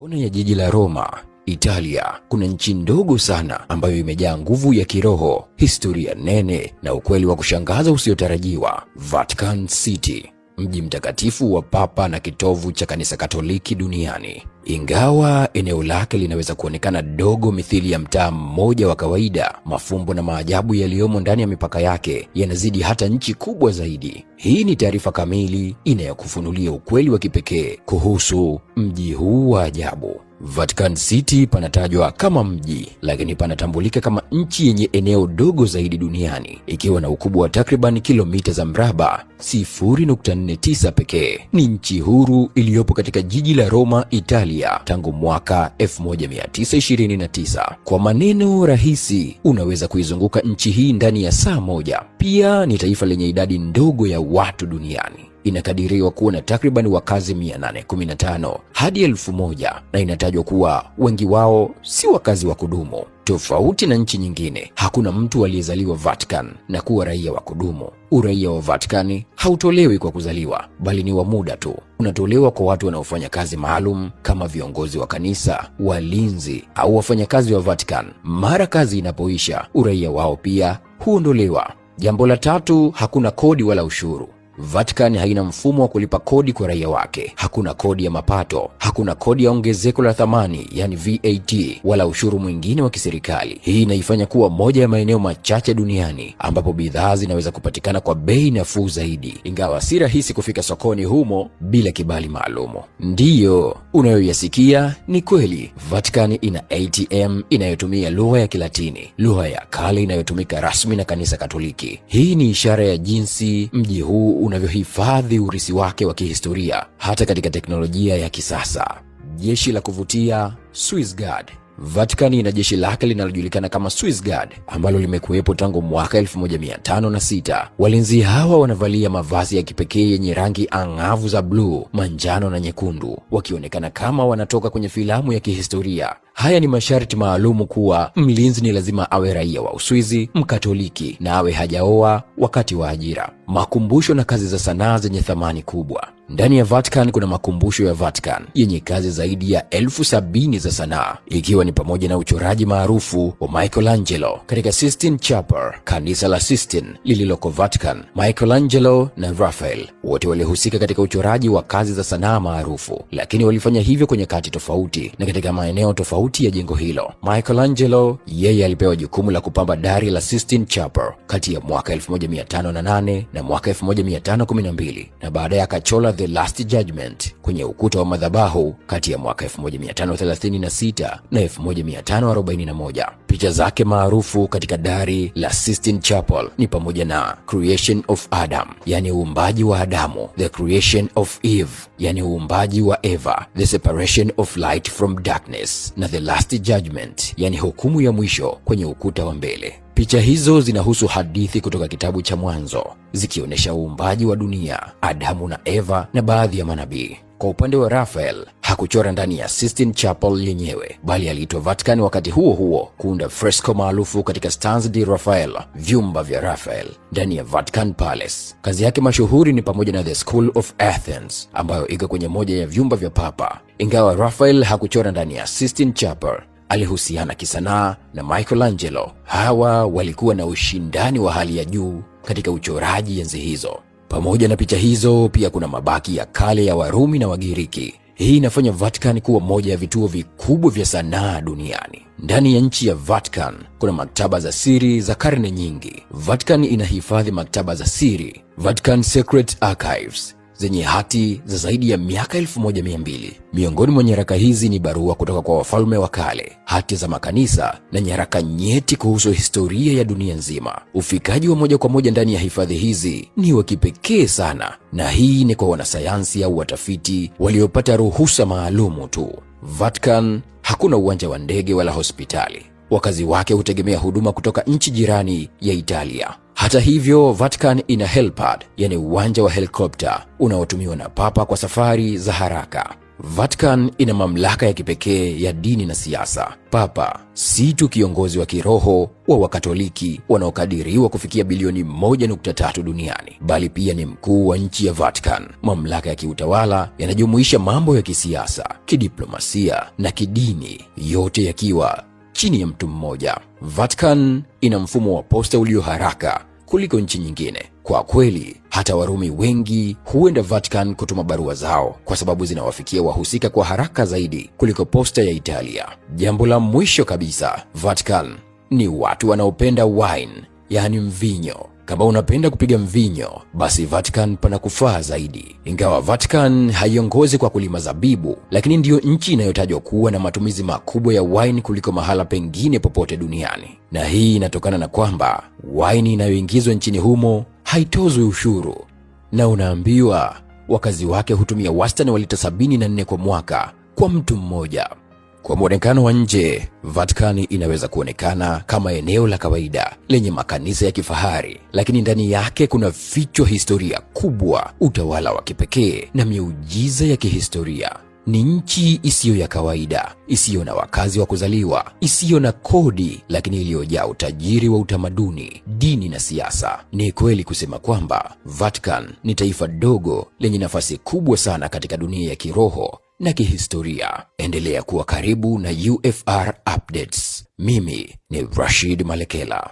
Kona ya jiji la Roma, Italia, kuna nchi ndogo sana ambayo imejaa nguvu ya kiroho, historia nene na ukweli wa kushangaza usiotarajiwa, Vatican City mji mtakatifu wa Papa na kitovu cha kanisa Katoliki duniani. Ingawa eneo lake linaweza kuonekana dogo mithili ya mtaa mmoja wa kawaida, mafumbo na maajabu yaliyomo ndani ya mipaka yake yanazidi hata nchi kubwa zaidi. Hii ni taarifa kamili inayokufunulia ukweli wa kipekee kuhusu mji huu wa ajabu. Vatican City panatajwa kama mji, lakini panatambulika kama nchi yenye eneo dogo zaidi duniani ikiwa na ukubwa wa takriban kilomita za mraba 0.49 pekee. Ni nchi huru iliyopo katika jiji la Roma, Italia tangu mwaka 1929. Kwa maneno rahisi, unaweza kuizunguka nchi hii ndani ya saa moja. Pia ni taifa lenye idadi ndogo ya watu duniani, inakadiriwa kuwa na takriban wakazi 815 hadi 1000 na inatajwa kuwa wengi wao si wakazi wa kudumu. Tofauti na nchi nyingine, hakuna mtu aliyezaliwa Vatican na kuwa raia wa kudumu. Uraia wa Vatican hautolewi kwa kuzaliwa, bali ni wa muda tu. Unatolewa kwa watu wanaofanya kazi maalum kama viongozi wa kanisa, walinzi au wafanyakazi wa Vatican. Mara kazi inapoisha, uraia wao pia huondolewa. Jambo la tatu, hakuna kodi wala ushuru. Vatican haina mfumo wa kulipa kodi kwa raia wake. Hakuna kodi ya mapato, hakuna kodi ya ongezeko la thamani yani VAT, wala ushuru mwingine wa kiserikali. Hii inaifanya kuwa moja ya maeneo machache duniani ambapo bidhaa zinaweza kupatikana kwa bei nafuu zaidi, ingawa si rahisi kufika sokoni humo bila kibali maalumu. Ndiyo unayoyasikia ni kweli. Vatican ina ATM inayotumia lugha ya Kilatini, lugha ya kale inayotumika rasmi na kanisa Katoliki. Hii ni ishara ya jinsi mji huu unavyohifadhi urithi wake wa kihistoria hata katika teknolojia ya kisasa. Jeshi la kuvutia Swissguard Vatikani ina jeshi lake linalojulikana kama Swiss Guard ambalo limekuwepo tangu mwaka 1506. Walinzi hawa wanavalia mavazi ya kipekee yenye rangi ang'avu za bluu, manjano na nyekundu, wakionekana kama wanatoka kwenye filamu ya kihistoria. Haya ni masharti maalumu kuwa mlinzi ni lazima awe raia wa Uswizi, Mkatoliki na awe hajaoa wakati wa ajira. Makumbusho na kazi za sanaa zenye thamani kubwa ndani ya Vatican kuna makumbusho ya Vatican yenye kazi zaidi ya elfu sabini za sanaa ikiwa ni pamoja na uchoraji maarufu wa Michelangelo katika Sistine Chapel, kanisa la Sistine lililoko Vatican. Michelangelo na Raphael wote walihusika katika uchoraji wa kazi za sanaa maarufu, lakini walifanya hivyo kwenye kati tofauti na katika maeneo tofauti ya jengo hilo. Michelangelo yeye alipewa jukumu la kupamba dari la Sistine Chapel kati ya mwaka 1508 na mwaka 1512 na baadaye akachola The Last Judgment kwenye ukuta wa madhabahu kati ya mwaka 1536 na 1541. Picha zake maarufu katika dari la Sistine Chapel ni pamoja na Creation of Adam, yani uumbaji wa Adamu, The Creation of Eve, yani uumbaji wa Eva, The Separation of Light from Darkness na The Last Judgment, yani hukumu ya mwisho kwenye ukuta wa mbele. Picha hizo zinahusu hadithi kutoka kitabu cha Mwanzo, zikionyesha uumbaji wa dunia, Adamu na Eva na baadhi ya manabii. Kwa upande wa Raphael hakuchora ndani ya Sistine Chapel yenyewe, bali aliitwa Vatican wakati huo huo kuunda fresco maarufu katika stans di Raphael, vyumba vya Raphael ndani ya Vatican Palace. Kazi yake mashuhuri ni pamoja na The School of Athens ambayo iko kwenye moja ya vyumba vya Papa. Ingawa Raphael hakuchora ndani ya Sistine Chapel, alihusiana kisanaa na Michelangelo. Hawa walikuwa na ushindani wa hali ya juu katika uchoraji enzi hizo. Pamoja na picha hizo, pia kuna mabaki ya kale ya Warumi na Wagiriki. Hii inafanya Vatican kuwa moja ya vituo vikubwa vya sanaa duniani. Ndani ya nchi ya Vatican kuna maktaba za siri za karne nyingi. Vatican inahifadhi maktaba za siri, Vatican Secret Archives zenye hati za zaidi ya miaka 1200. Miongoni mwa nyaraka hizi ni barua kutoka kwa wafalme wa kale, hati za makanisa na nyaraka nyeti kuhusu historia ya dunia nzima. Ufikaji wa moja kwa moja ndani ya hifadhi hizi ni wa kipekee sana, na hii ni kwa wanasayansi au watafiti waliopata ruhusa maalumu tu. Vatican hakuna uwanja wa ndege wala hospitali. Wakazi wake hutegemea huduma kutoka nchi jirani ya Italia. Hata hivyo, Vatican ina helipad, yani uwanja wa helikopta unaotumiwa na Papa kwa safari za haraka. Vatican ina mamlaka ya kipekee ya dini na siasa. Papa si tu kiongozi wa kiroho wa Wakatoliki wanaokadiriwa kufikia bilioni 1.3 duniani, bali pia ni mkuu wa nchi ya Vatican. Mamlaka ya kiutawala yanajumuisha mambo ya kisiasa, kidiplomasia na kidini, yote yakiwa chini ya mtu mmoja. Vatican ina mfumo wa posta ulio haraka kuliko nchi nyingine. Kwa kweli hata Warumi wengi huenda Vatican kutuma barua zao kwa sababu zinawafikia wahusika kwa haraka zaidi kuliko posta ya Italia. Jambo la mwisho kabisa, Vatican ni watu wanaopenda wine, yaani mvinyo. Kama unapenda kupiga mvinyo, basi Vatican pana kufaa zaidi. Ingawa Vatican haiongozi kwa kulima zabibu, lakini ndiyo nchi inayotajwa kuwa na matumizi makubwa ya waini kuliko mahala pengine popote duniani, na hii inatokana na kwamba waini inayoingizwa nchini humo haitozwi ushuru, na unaambiwa wakazi wake hutumia wastani wa lita 74 kwa mwaka kwa mtu mmoja. Kwa mwonekano wa nje, Vatikani inaweza kuonekana kama eneo la kawaida lenye makanisa ya kifahari, lakini ndani yake kuna fichwa historia kubwa, utawala wa kipekee na miujiza ya kihistoria. Ni nchi isiyo ya kawaida, isiyo na wakazi wa kuzaliwa, isiyo na kodi, lakini iliyojaa utajiri wa utamaduni, dini na siasa. Ni kweli kusema kwamba Vatican ni taifa dogo lenye nafasi kubwa sana katika dunia ya kiroho na kihistoria. Endelea kuwa karibu na UFR Updates. Mimi ni Rashid Malekela.